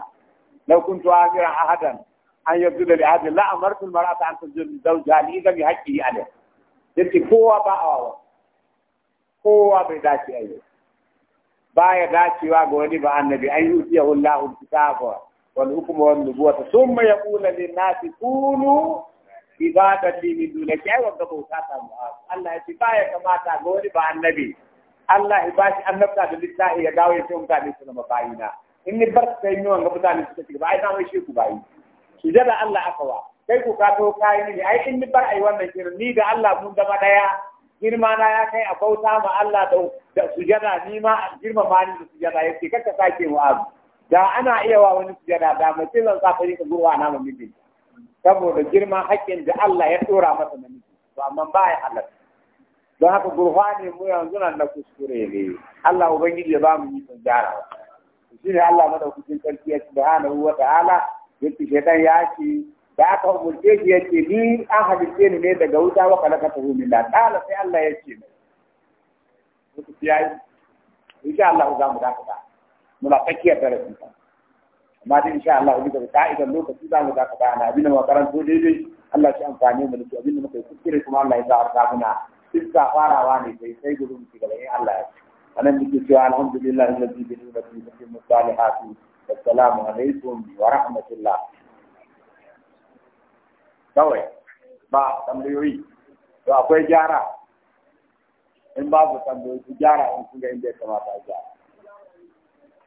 lau kuntu a ahadan an yanzu da lihadi la amartu mar'ata an tajid zawja li idha a haqqihi alayh yace kowa ba a awa kowa bai dace a ba ya dacewa ga wani ba annabi an ayyuhu yahu Allahu kitaba Wani hukumomin da bi wata sun mayaƙula ne na fi tunu ibada da liƙula. Ki bauta samu aiki. Allah ya ce ta kamata, goni ba'an na bi. Allah ya bashi an naftace littafin ya dawo ya fi wanka a bautar da maba'ina. In ni barta ta yi min wanka mutane kuma shi da ba a yi naman sheku ba'a yi. Allah aka wa. Sai ko kafin ko kayi ni. Aiki in ni barayi wannan shirin. Ni da Allah mun zama daya Girma na ya kai a bauta ma Allah ɗau da sujada. Ni ma girma ma ni da sujada. Ya ce ka sa ke wa da ana iya wa wani sujada da mace zan sa ka gurwa na mamiji saboda girman haƙƙin da Allah ya tsora masa namiji to amma ba ya Allah don haka gurfa ne mu yanzu nan na kuskure ne Allah ubangiji ya ba mu yi gyara shi ne Allah madaukakin sarki ya subhanahu wa ta'ala yake shedan ya ce da aka umurce shi ce ni an halitte ni ne daga wuta wa ka ta min da kala sai Allah ya ce mai mutu yayi insha Allah za mu dakata muna tsakiyar darasin sa amma dai insha Allah bisa ga ka'idar lokaci za mu dakata ana abin da makarantu daidai Allah shi amfani mu da su abin da muka yi kuskure kuma Allah ya zaɓa muna iska farawa ne sai sai gudu mu ci gaba in Allah ya anan muke cewa alhamdulillah alladhi bi ni'matihi tatimmu salihati assalamu alaikum wa rahmatullah kawai ba tambayoyi to akwai gyara in babu tambayoyi gyara in kun ga inda ya kamata a gyara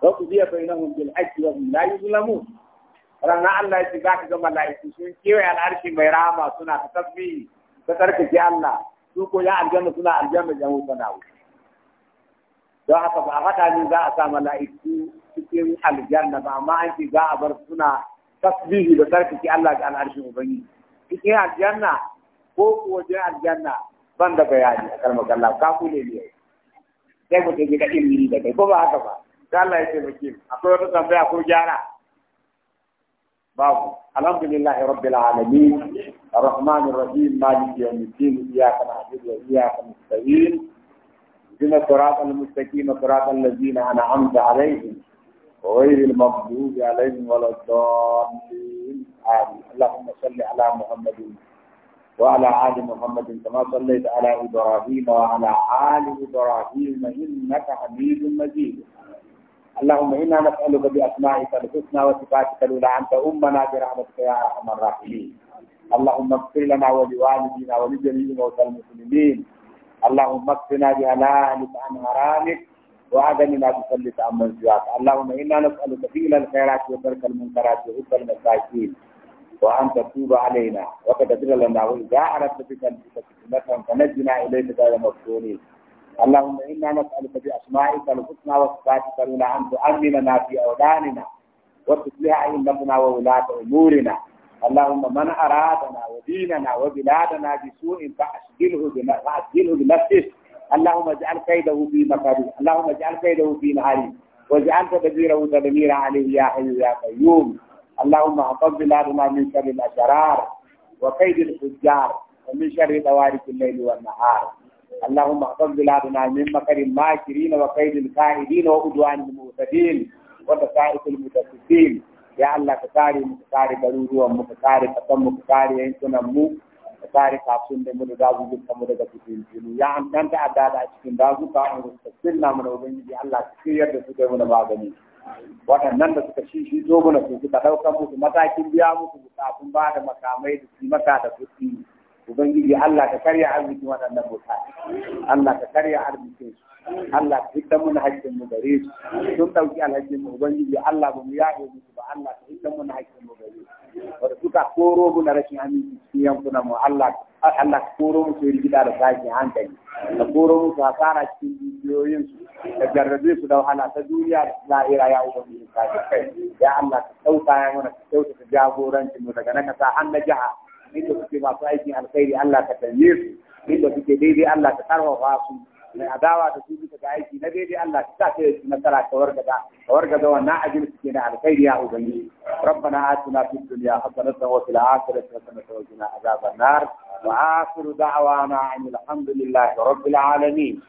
wa qudiya bainahum bil haqqi wa hum la yuzlamun ranar Allah ya za ka ga mala'iku sun kewaye al'arshi mai rahama suna ta tasbihi ta tsarkake Allah su ko ya aljanna suna aljanna jan wuta na wuta don haka ba a faɗa ni za a sa mala'iku cikin aljanna ba amma an za a bar suna tasbihi da tsarkake Allah ga al'arshin ubangi cikin aljanna ko ko wajen aljanna ban da bayani a kalmar Allah ka kule ne sai mutum ya ga ilimi da kai ko ba haka ba da Allah ya taimake mu akwai wata tambaya ko gyara babu alhamdulillahi rabbil alamin arrahmanir rahim maliki yawmiddin iyyaka na'budu wa iyyaka nasta'in اهدنا الصراط المستقيم صراط الذين انعمت عليهم غير المغضوب عليهم ولا الضالين آمين اللهم صل على محمد وعلى آل محمد كما صليت على إبراهيم وعلى آل إبراهيم إنك حميد مجيد اللهم إنا نسألك بأسمائك الحسنى وصفاتك الأولى أن تؤمنا برحمتك يا أرحم الراحمين اللهم اغفر لنا ولوالدينا ولجميع موتى المسلمين اللهم اكفنا بهلالك عن حرامك وعدمنا تسلط عن من سواك اللهم انا نسالك فعل الخيرات وترك المنكرات وحب المساكين وان تتوب علينا وقد لنا واذا اردت بك ان تتوب فنجنا اليك غير مفتونين اللهم إنا نسألك بأسمائك الحسنى وصفاتك الأولى أن تؤمننا في أولاننا وتصلح أئمتنا وولاة أمورنا اللهم من أرادنا وديننا وبلادنا بسوء فأشغله فأشغله بنفسه اللهم اجعل كيده في مكاره اللهم اجعل كيده في نهاره واجعل تدبيره تدميرا عليه يا حي يا قيوم اللهم احفظ بلادنا من شر الأشرار وكيد الفجار ومن شر طوارئ الليل والنهار اللهم احفظ بلادنا من مكر الماكرين وقيد الكائدين وعدوان المعتدين وتسائف المتسفين يا الله كتاري مكتاري ضروري ومكتاري قسم مكتاري ينكنا مو كتاري كابسون دمو دازو جل كمو دازو جل جلو يا عم كانت أدادا أشكين دازو كامو رستسلنا من أولين يا الله كتير دسو دمو نباغني waɗannan da suka shishi zo mana su suka ɗaukar musu matakin biya musu bukatun ba da makamai da su maka da kuɗi ubangiji Allah ka karya arziki waɗannan bauta Allah ka karya arzikin su Allah ka hidda mun haƙƙin mu gare su sun ɗauki alhakin mu ubangiji Allah ba mu yaɗe musu ba Allah ka hidda mun haƙƙin mu gare su wanda suka koro mu na rashin aminci cikin yankunan mu Allah Allah ka koro musu rigida da tashin hankali ka koro musu hasara cikin dukiyoyin su ka jarrabe su da wahala ta duniya da lahira ya ubangiji ka kai ya Allah ka sauka ya mana ka kyautata jagorancin mu daga na ka sa an na jiha inda suke masu aikin alkhairi Allah ka tanye su inda suke daidai Allah ka karfafa su mai adawa da su suka ga aiki na daidai Allah ta sa su nasara ta wargaza ta wargaza wannan ajin suke na alkhairi ya ubangiji rabbana atina fid dunya hasanatan wa fil akhirati hasanatan wa qina azaban nar wa akhiru da'wana alhamdulillahi rabbil alamin